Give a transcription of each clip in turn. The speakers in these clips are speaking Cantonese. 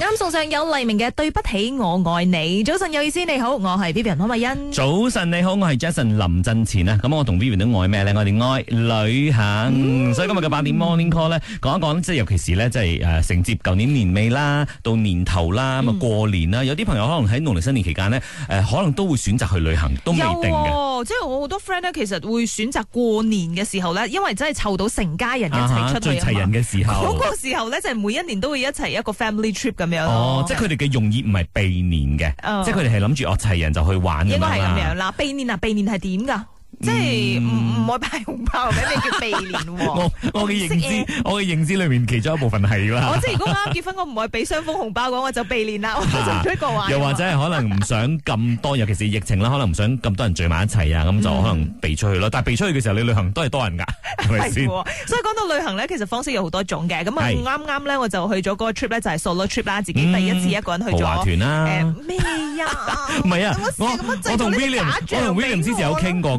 啱送上有黎明嘅《對不起我愛你》早晨有意思。你好，我係 Vivian 潘慧欣。早晨你好，我係 Jason 林振前啊！咁我同 Vivian 都愛咩咧？我哋愛旅行，嗯、所以今日嘅八點 morning call 咧，講一講咧，即係尤其是咧，即係，誒，承接舊年年尾啦，到年頭啦，咁、嗯、啊過年啦，有啲朋友可能喺農曆新年期間咧，誒、呃，可能都會選擇去旅行，都未定嘅、哦。即係我好多 friend 咧，其實會選擇過年嘅時候咧，因為真係湊到成家人一齊出去，啊！最齊人嘅時候，嗰 個時候咧，就係、是、每一年都會一齊一個 family trip 咁。哦，哦，即係佢哋嘅用意唔係避年嘅，即係佢哋係諗住哦齊人就去玩咁，應該係咁樣啦，避年啊，避年係點噶？即係唔唔會派紅包俾你叫避年喎、啊。 我嘅認知，嗯、我嘅認知裏面其中一部分係啦。 我即係如果啱啱結婚，我唔會俾雙封紅包嘅話，我就避年啦、啊。我就做一個玩。又或者係可能唔想咁多， 尤其是疫情啦，可能唔想咁多人聚埋一齊啊，咁、嗯、就可能避出去咯。但係避出去嘅時候，你旅行都係多人噶，係咪先？所以講到旅行咧，其實方式有好多種嘅。咁啱啱咧，我就去咗嗰個 trip 咧，就係 Solo trip 啦，自己第一次一個人去咗豪華團啦。咩、嗯、呀？唔係啊、呃、啊， 啊，我同 William 我同 William 之前有傾過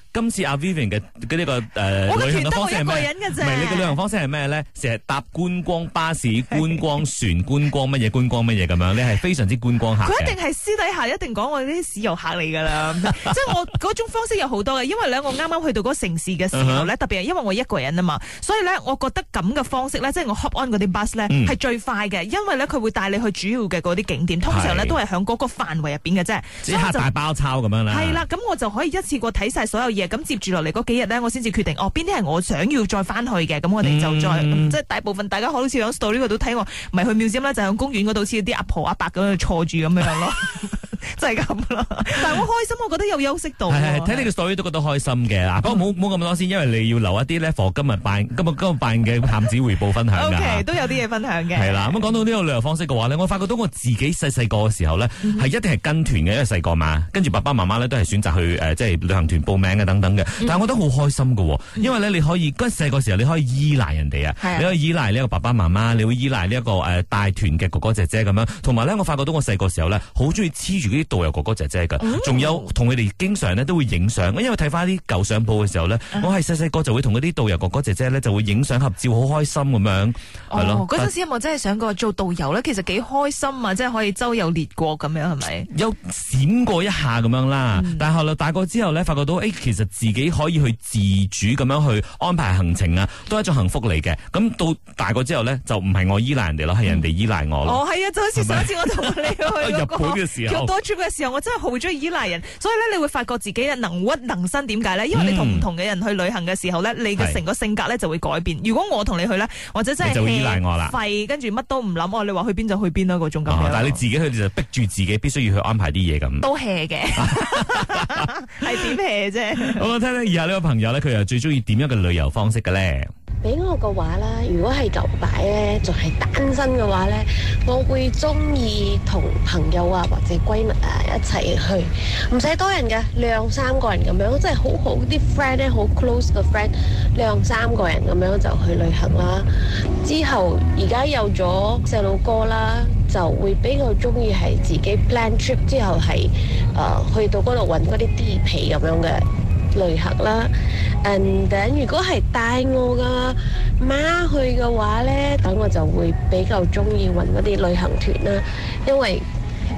今次阿 Vivian 嘅呢個誒旅行嘅方式係咩？唔係你嘅旅行方式係咩咧？成日搭觀光巴士、觀光船、觀光乜嘢、觀光乜嘢咁樣咧，你係非常之觀光客。佢一定係私底下一定講我啲屎遊客嚟㗎啦！即係我嗰種方式有好多嘅，因為兩個啱啱去到嗰個城市嘅時候咧，特別係因為我一個人啊嘛，所以咧我覺得咁嘅方式咧，即係我 hop on 嗰啲 bus 咧係最快嘅，因為咧佢會帶你去主要嘅嗰啲景點，通常咧都係喺嗰個範圍入邊嘅啫。即係即係大包抄咁樣啦。係啦，咁我就可以一次過睇晒所有嘢。咁接住落嚟嗰幾日咧，我先至決定哦，邊啲係我想要再翻去嘅，咁我哋就再、嗯、即係大部分大家好似響到呢個都睇我，唔係去廟寺啦，就響公園嗰度似啲阿婆阿伯咁樣坐住咁樣咯。 就係咁啦，但係我開心，我覺得有休息到，啊，睇你個水都覺得開心嘅。嗱， 咁冇冇咁多先，因為你要留一啲咧，我今日辦今日今日辦嘅探子回報分享嘅 ，okay, 都有啲嘢分享嘅。係啦，咁講到呢個旅遊方式嘅話咧，我發覺到我自己細細個嘅時候呢，係、嗯、一定係跟團嘅，因為細個嘛，跟住爸爸媽媽咧都係選擇去即係、呃就是、旅行團報名嘅等等嘅。但係我覺得好開心嘅，因為呢你可以，嗰細個時候你可以依賴人哋啊，你可以依賴呢個爸爸媽媽，你會依賴呢一個帶團嘅哥哥姐姐咁樣。同埋咧，我發覺到我細個嘅時候咧，好中意黐住。啲導遊哥哥姐姐噶，仲有同佢哋經常咧都會影相。因為睇翻啲舊相簿嘅時候咧，我係細細個就會同嗰啲導遊哥哥姐姐咧、哦嗯、就，就會影相合照，好開心咁樣，係、哦、咯。嗰陣時我真係想過做導遊咧，其實幾開心啊，即係可以周遊列國咁樣，係咪？有閃過一下咁樣啦、嗯，但係後來大個之後咧，發覺到誒、欸，其實自己可以去自主咁樣去安排行程啊，都係一種幸福嚟嘅。咁到大個之後咧，就唔係我依賴人哋咯，係、嗯、人哋依賴我咯。哦，係啊，就好似上一次是是我同你去 日本嘅時候。嘅時候，我真係好中意依賴人，所以咧，你會發覺自己啊，能屈能伸，點解咧？因為你同唔同嘅人去旅行嘅時候咧，你嘅成個性格咧就會改變。如果我同你去咧，或者真係依賴我啦，廢跟住乜都唔諗，我、哦、你話去邊就去邊咯，嗰種感覺。但係你自己去，你就逼住自己，必須要去安排啲嘢咁。都 hea 嘅，係點 hea 啫？ 我聽下以下呢個朋友咧，佢又最中意點樣嘅旅遊方式嘅咧？俾我嘅話啦，如果係舊擺咧，仲係單身嘅話咧，我會中意同朋友啊或者閨蜜啊一齊去，唔使多人嘅，兩三個人咁樣，即係好好啲 friend 咧，好 close 嘅 friend，兩三個人咁樣就去旅行啦。之後而家有咗細路哥啦，就會比較中意係自己 plan trip 之後係，誒去到嗰度搵嗰啲地皮咁樣嘅。旅行啦，等如果係帶我個媽去嘅話呢，等我就會比較中意揾一啲旅行團啦，因為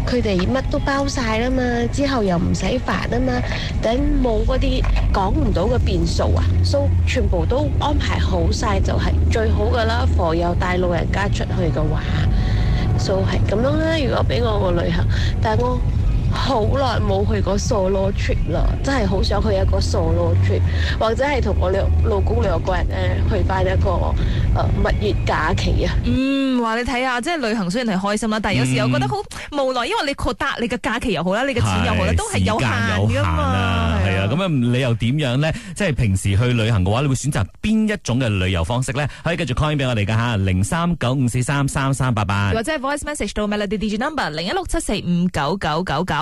佢哋乜都包晒啦嘛，之後又唔使煩啊嘛，等冇嗰啲講唔到嘅變數啊，都全部都安排好晒就係最好噶啦，又帶老人家出去嘅話，就係咁樣啦。如果俾我個旅行，但我。好耐冇去過 Solo trip 啦，真係好想去一個 Solo trip，或者係同我老公兩個人咧去返一個誒、呃、蜜月假期啊。嗯，話你睇下，即係旅行雖然係開心啦，但係有時又、嗯、覺得好無奈，因為你覺得你嘅假期又好啦，你嘅錢又好啦，都係有限嘅嘛。咁你又點樣咧？即係平時去旅行嘅話，你會選擇邊一種嘅旅遊方式咧？可以繼續 call 俾我哋㗎嚇，零三九五四三三三八八，或者 voice message 到 melody DJ number 零一六七四五九九九九。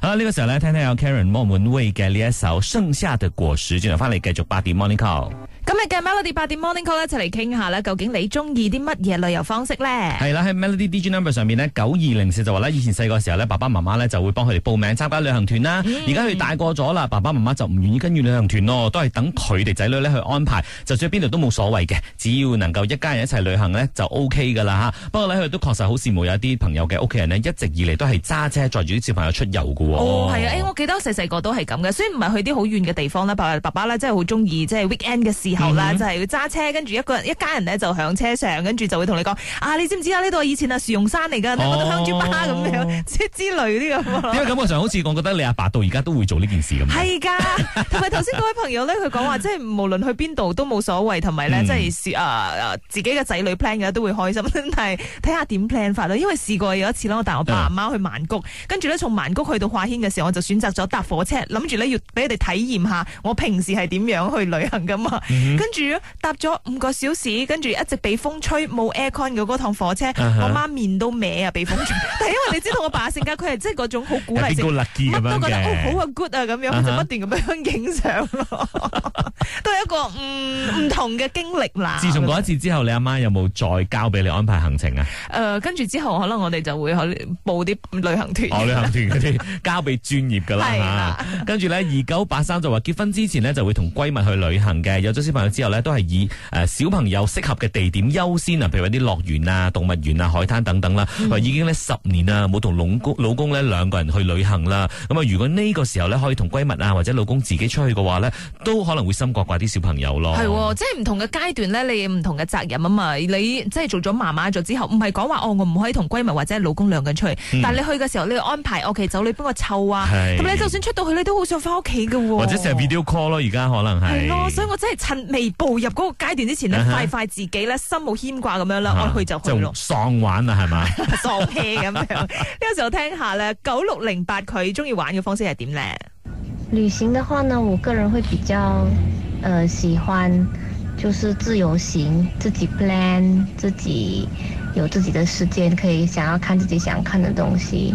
好啦，呢個時候咧，聽聽有 Karen 莫文蔚嘅呢一首《盛夏的果實》，轉頭翻嚟繼續八點 Morning Call。今日嘅 Melody 八點 Morning Call 一齊嚟傾下咧，究竟你中意啲乜嘢旅遊方式咧？係啦，喺 Melody D J Number 上面咧，九二零四就話咧，以前細個嘅時候咧，爸爸媽媽咧就會幫佢哋報名參加旅行團啦。而家佢大個咗啦，爸爸媽媽就唔、嗯、願意跟住旅行團咯，都係等佢哋仔女咧去安排。 就算邊度都冇所謂嘅，只要能夠一家人一齊旅行呢、OK，就 O K 噶啦，不過咧，佢都確實好羨慕有啲朋友嘅屋企人咧，一直以嚟都係揸車載住啲小朋友出遊嘅、哦。哦，係啊、哎，我記得細細個都係咁嘅，雖然唔係去啲好遠嘅地方咧，爸爸咧真係好中意，即係 weekend 嘅時候。哦、就係要揸車，跟住一個人一家人咧就響車上，跟住就會同你講啊，你知唔知啊？呢度以前啊，芙蓉山嚟噶，嗰、哦、度香豬巴咁樣之之類啲咁。因為感覺上好似我常常覺得你阿爸，爸到而家都會做呢件事咁。係噶，同埋頭先嗰位朋友咧，佢講話即係無論去邊度都冇所謂，同埋咧即係啊自己嘅仔女 plan 嘅都會開心，但係睇下點 plan 法咯。因為試過有一次啦，我帶我阿爸阿媽去曼谷，嗯、跟住咧從曼谷去到華欣嘅時候，我就選擇咗搭火車，諗住咧要俾佢哋體驗下我平時係點樣去旅行噶嘛。嗯跟住搭咗五個小時，跟住一直被風吹，冇 aircon 嘅嗰趟火車，uh-huh. 我媽面都歪啊，被風吹。 但係因為你知道，我爸性格佢係即係嗰種好鼓勵性，乜都覺得哦好啊 good 啊咁樣，uh-huh. 就不斷咁樣影相咯， 都係一個唔唔、嗯、 同嘅經歷啦。自從嗰一次之後你阿媽，媽有冇再交俾你安排行程啊？誒、呃，跟住之後可能我哋就會去報啲旅行團旅行團啲 交俾專業噶啦、啊、跟住咧，二九八三就話結婚之前咧就會同閨蜜去旅行嘅，有咗。小朋友之後呢，都係以小朋友適合嘅地點優先啊，譬如話啲樂園啊、動物園啊、海灘等等啦。嗯、已經十年啦，冇同老公老公呢兩個人去旅行啦。咁啊，如果呢個時候呢，可以同閨蜜啊或者老公自己出去嘅話呢，都可能會心掛掛啲小朋友咯。係，即係唔同嘅階段呢，你唔同嘅責任啊嘛。你即係做咗媽媽咗之後，唔係講話我唔可以同閨蜜或者老公兩個人出去、嗯。但係你去嘅時候，你要安排屋企走你幫我湊啊。係。咁你就算出到去，你都好想翻屋企㗎喎。或者成日 video call 而家可能係。係咯，所以我真係趁。未步入嗰個階段之前咧，uh-huh. 快快自己咧，心冇牽掛咁樣啦，我、uh-huh. 去就去咯。喪玩啊，係咪？喪氣咁樣。呢 個時候聽下咧，九六零八佢中意玩嘅方式係點咧？旅行嘅話呢，我個人會比較，誒、呃，喜歡，就是自由行，自己 plan，自己有自己嘅時間，可以想要看自己想看嘅東西。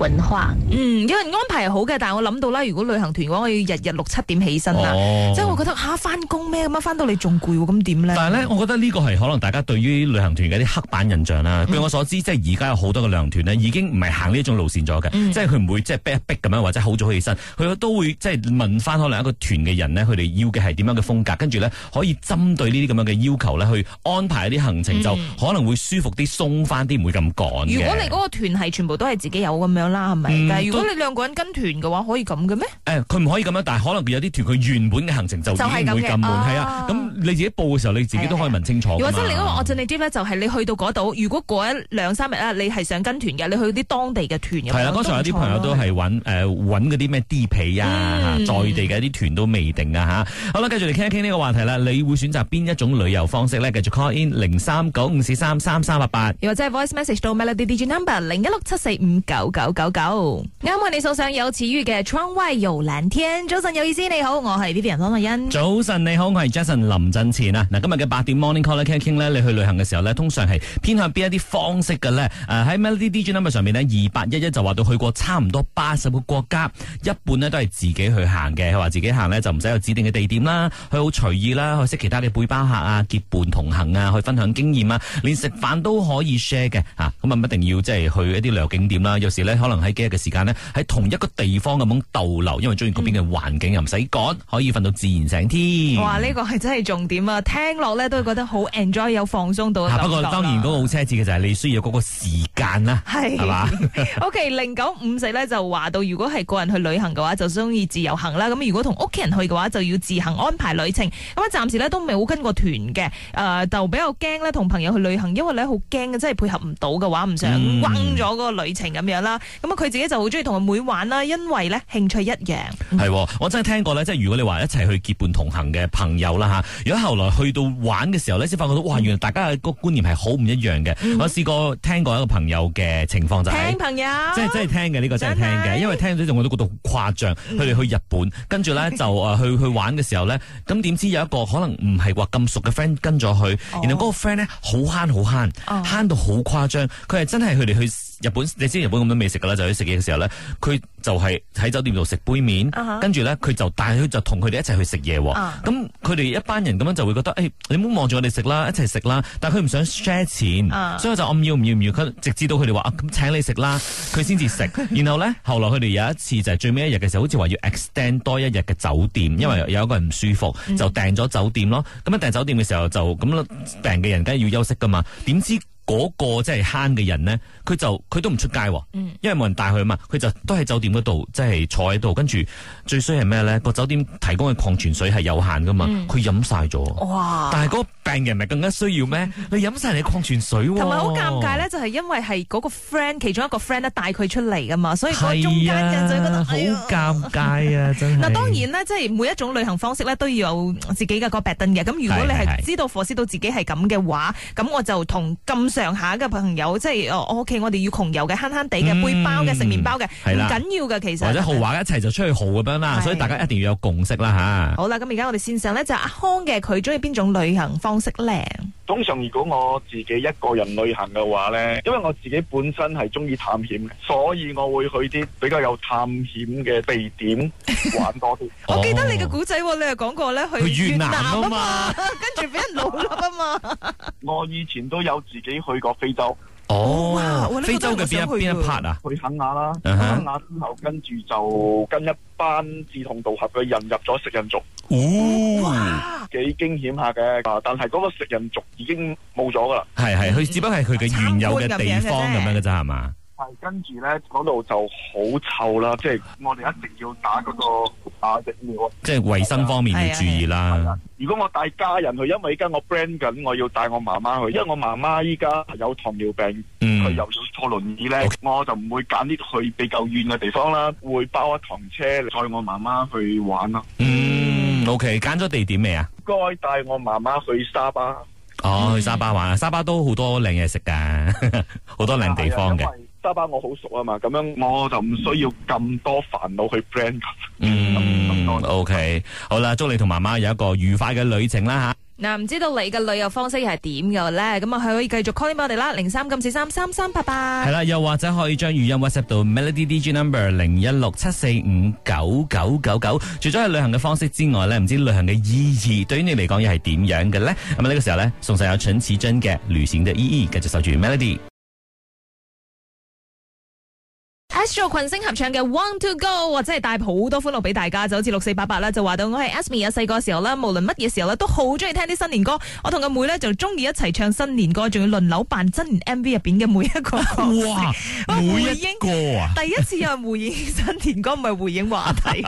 文化，嗯，因為安排係好嘅，但係我諗到啦，如果旅行團嘅話，我要日日六七點起身啦、哦，即係我覺得吓翻工咩咁翻到你仲攰，咁點咧？但係咧，我覺得呢個係可能大家對於旅行團嘅一啲刻板印象啦、嗯。據我所知，即係而家有好多嘅旅行團呢，已經唔係行呢種路線咗嘅、嗯，即係佢唔會即係逼一逼咁樣或者好早起身，佢都會即係問翻可能一個團嘅人呢，佢哋要嘅係點樣嘅風格，跟住咧可以針對呢啲咁樣嘅要求咧去安排一啲行程、嗯，就可能會舒服啲、鬆翻啲，唔會咁趕。如果你嗰個團係全部都係自己有咁樣。啦，係咪？但係如果你兩個人跟團嘅話，可以咁嘅咩？誒，佢唔可以咁樣啊！但係可能佢有啲團，佢原本嘅行程就已經會咁悶，係啊！咁你自己報嘅時候，你自己都可以問清楚。如果真你都話我盡力啲咧，就係你去到嗰度，如果過一兩三日啦，你係想跟團嘅，你去啲當地嘅團嘅。係啊，嗰時候有啲朋友都係揾誒揾嗰啲咩低配啊，在地嘅一啲團都未定啊嚇！好啦，繼續嚟傾一傾呢個話題啦，你會選擇邊一種旅遊方式咧？繼續 call in 零三九五四三三三八八，又或者 voice message 到 melodydj number 零一六七四五九九九。九九啱你送上有此語嘅窗外有藍天。早晨有意思，你好，我係呢啲人方麗欣。早晨你好，我係 Jason 林振前啊！嗱，今日嘅八點 morning call 咧，傾一傾咧，你去旅行嘅時候咧，通常係偏向邊一啲方式嘅咧？誒，喺 Melody D j G number 上面呢，二八一一就話到去過差唔多八十個國家，一半呢都係自己去行嘅。佢話自己行呢就唔使有指定嘅地點啦，佢好隨意啦，去識其他嘅背包客啊，結伴同行啊，去分享經驗啊，連食飯都可以 share 嘅啊！咁啊，唔一定要即係去一啲旅遊景點啦，有時咧。可能喺幾日嘅時間呢，喺同一個地方咁樣逗留，因為中意嗰邊嘅環境，又唔使趕，可以瞓到自然醒添。哇！呢、這個係真係重點啊！聽落咧都會覺得好 enjoy，有放鬆到、啊。不過當然嗰個好奢侈嘅就係你需要嗰個時間啦，係嘛？OK，零九五四咧就話到，如果係個人去旅行嘅話，就中意自由行啦。咁如果同屋企人去嘅話，就要自行安排旅程。咁啊，暫時咧都未好跟過團嘅。誒、呃，就比較驚咧同朋友去旅行，因為咧好驚，真係配合唔到嘅話，唔想崩咗嗰個旅程咁樣啦。嗯。咁啊，佢自己就好中意同阿妹玩啦，因為咧興趣一樣。係，我真係聽過咧，即係如果你話一齊去結伴同行嘅朋友啦吓，如果後來去到玩嘅時候咧，先發覺到、嗯、哇，原來大家個觀念係好唔一樣嘅、嗯。我試過聽過一個朋友嘅情況就係、是，朋友，即係真係聽嘅呢、這個真係聽嘅，因為聽咗之後我都覺得誇張。佢、嗯、哋去日本，跟住咧就誒去 去玩嘅時候咧，咁點知有一個可能唔係話咁熟嘅 friend 跟咗佢、哦，然後嗰個 friend 咧好慳好慳，慳到好誇張，佢、哦、係真係佢哋去。日本你知日本咁多美食噶啦，就去食嘢嘅時候咧，佢就係喺酒店度食杯麵，uh-huh. 跟住咧佢就帶佢就同佢哋一齊去食嘢喎。咁佢哋一班人咁樣就會覺得，誒、欸、你唔好望住我哋食啦，一齊食啦。但佢唔想 share 錢，uh-huh. 所以我就唔要唔要唔要。佢直至到佢哋話咁請你食啦，佢先至食。 然後咧，後來佢哋有一次就係、是、最尾一日嘅時候，好似話要 extend 多一日嘅酒店，因為有一個人唔舒服，就訂咗酒店咯。咁、uh-huh. 一訂酒店嘅時候就咁咯，病嘅人梗係要休息噶嘛。點知？嗰、嗰個即係慳嘅人呢，佢就佢都唔出街、啊，因為冇人帶佢啊嘛。佢就都喺酒店嗰度即係坐喺度，跟住最衰係咩呢？個酒店提供嘅礦泉水係有限噶嘛，佢飲晒咗。哇！但係嗰個病人咪更加需要咩？你飲晒你礦泉水、啊，同埋好尷尬咧，就係因為係嗰個 friend 其中一個 friend 呢帶佢出嚟㗎嘛，所以嗰個中間人就覺得好、啊哎、尷尬啊！嗱， 當然呢，即係每一種旅行方式咧都要有自己嘅個 b e d 嘅。咁如果你係知道火到自己係咁嘅話，咁我就同咁。下嘅朋友，即係、哦 OK，我屋企，我哋要窮遊嘅，慳慳地嘅，背包嘅，食麵包嘅，唔緊要嘅，其實或者豪華一齊就出去豪咁樣啦，所以大家一定要有共識啦吓。好啦，咁而家我哋線上咧就是、阿康嘅，佢中意邊種旅行方式咧？通常如果我自己一個人旅行嘅話咧，因為我自己本身係中意探險嘅，所以我會去啲比較有探險嘅地點玩多啲。 我記得你嘅古仔，你又講過咧去，去越南啊嘛，跟住俾人老笠啊嘛。 我以前都有自己去過非洲哦，非洲嘅邊一邊一 part 啊，去肯雅啦，肯雅之後、啊、跟住就跟一班志同道合嘅人入咗食人族，哦、哇，幾驚險下嘅，但係嗰個食人族已經冇咗噶啦，係係，佢只不過係佢嘅原有嘅地方咁樣嘅咋係嘛。嗯係跟住咧，嗰度就好臭啦，即、就、係、是、我哋一定要打嗰、那個打疫苗啊，即係衛生方面、啊、要注意啦、啊啊啊啊啊。如果我帶家人去，因為而家我 brand 緊，我要帶我媽媽去，因為我媽媽依家有糖尿病，佢又坐輪椅咧，okay，我就唔會揀啲去比較遠嘅地方啦，會包一趟車載我媽媽去玩咯。嗯，OK，揀咗地點未啊？該帶我媽媽去沙巴、嗯。哦，去沙巴玩，沙巴都好多靚嘢食噶，好多靚地方嘅。沙巴我好熟啊嘛，咁樣我就唔需要咁多煩惱去 brand。嗯，OK，嗯，好啦，祝你同媽媽有一個愉快嘅旅程啦吓。嗱、嗯，唔知道你嘅旅遊方式係點嘅咧？咁啊，係可以繼續 call 翻我哋啦，零三九四三三三，拜拜。係啦，又或者可以將語音 WhatsApp 入到 Melody DJ Number 零一六七四五九九九九。除咗去旅行嘅方式之外咧，唔知旅行嘅意義對於你嚟講又係點樣嘅咧？咁呢個時候咧，送上有陳綺貞嘅《旅行的意義》，繼續守住 Melody。做群星合唱嘅《Want To Go》，或者係帶好多歡樂俾大家，就好似六四八八啦，就話到我係 Asmi 有細個時候啦，無論乜嘢時候咧，都好中意聽啲新年歌。我同阿妹咧就中意一齊唱新年歌，仲要輪流扮真人 MV 入邊嘅每一個歌哇！回應個啊，第一次啊，回應新年歌唔係回應話題。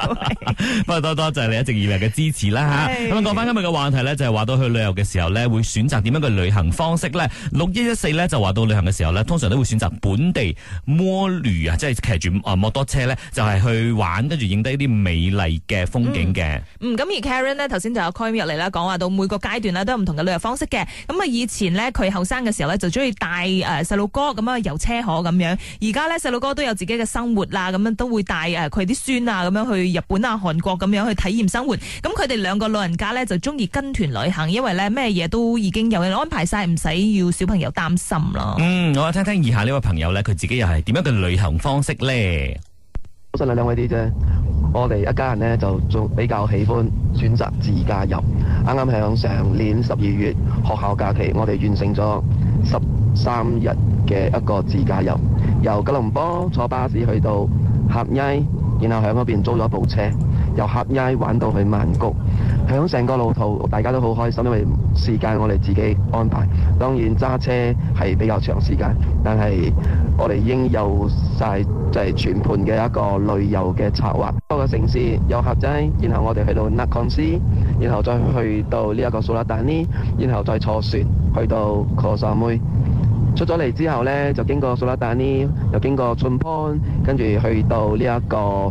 不過多多謝你一直以嚟嘅支持啦吓。咁、哎、啊，講翻今日嘅話題咧，就係話到去旅遊嘅時候咧，會選擇點樣嘅旅行方式咧？六一一四咧就話到旅行嘅時候咧，通常都會選擇本地摩旅啊，即係。騎住啊摩托車咧，就係、是、去玩，跟住影低啲美麗嘅風景嘅。嗯，咁、嗯、而 Karen 呢頭先就有 call in 入嚟啦，講話到每個階段都有唔同嘅旅遊方式嘅。咁啊，以前呢，佢後生嘅時候咧就中意帶誒細路哥咁樣游車河咁樣。而家呢，細路哥都有自己嘅生活啦，咁樣都會帶誒佢啲孫啊咁樣去日本啊、韓國咁樣去體驗生活。咁佢哋兩個老人家呢，就中意跟團旅行，因為呢咩嘢都已經有人安排晒，唔使要小朋友擔心咯。嗯，我聽聽以下呢位朋友呢，佢自己又係點樣嘅旅行方式？咧，好在係兩位啲啫。我哋一家人呢，就做比較喜歡選擇自駕遊。啱啱響上年十二月學校假期，我哋完成咗十三日嘅一個自駕遊，由吉隆坡坐巴士去到合艾，然後響嗰邊租咗部車。由客伊玩到去曼谷，響成個路途大家都好開心，因為時間我哋自己安排。當然揸車係比較長時間，但係我哋應有晒，即係全盤嘅一個旅遊嘅策劃。多個城市，有客仔，然後我哋去到納康斯，然後再去到呢一個蘇拉達尼，然後再坐船去到科索梅。出咗嚟之後呢，就經過蘇拉達尼，又經過春潘，跟住去到呢一個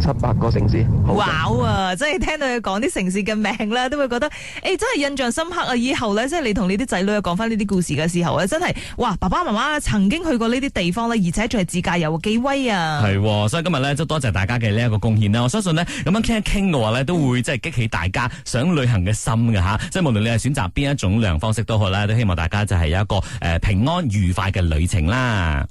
七八個城市，哇！啊，真係聽到佢講啲城市嘅名咧，都會覺得，誒、欸，真係印象深刻啊！以後咧，即係你同你啲仔女講翻呢啲故事嘅時候咧，真係，哇！爸爸媽媽曾經去過呢啲地方咧，而且仲係自駕遊啊，幾威啊！係、哦，所以今日咧都多謝大家嘅呢一個貢獻啦。我相信呢，咁樣傾一傾嘅話咧，都會即係激起大家想旅行嘅心㗎。吓、啊，即係無論你係選擇邊一種旅行方式都好啦，都希望大家就係有一個、呃、平安愉快嘅旅程啦。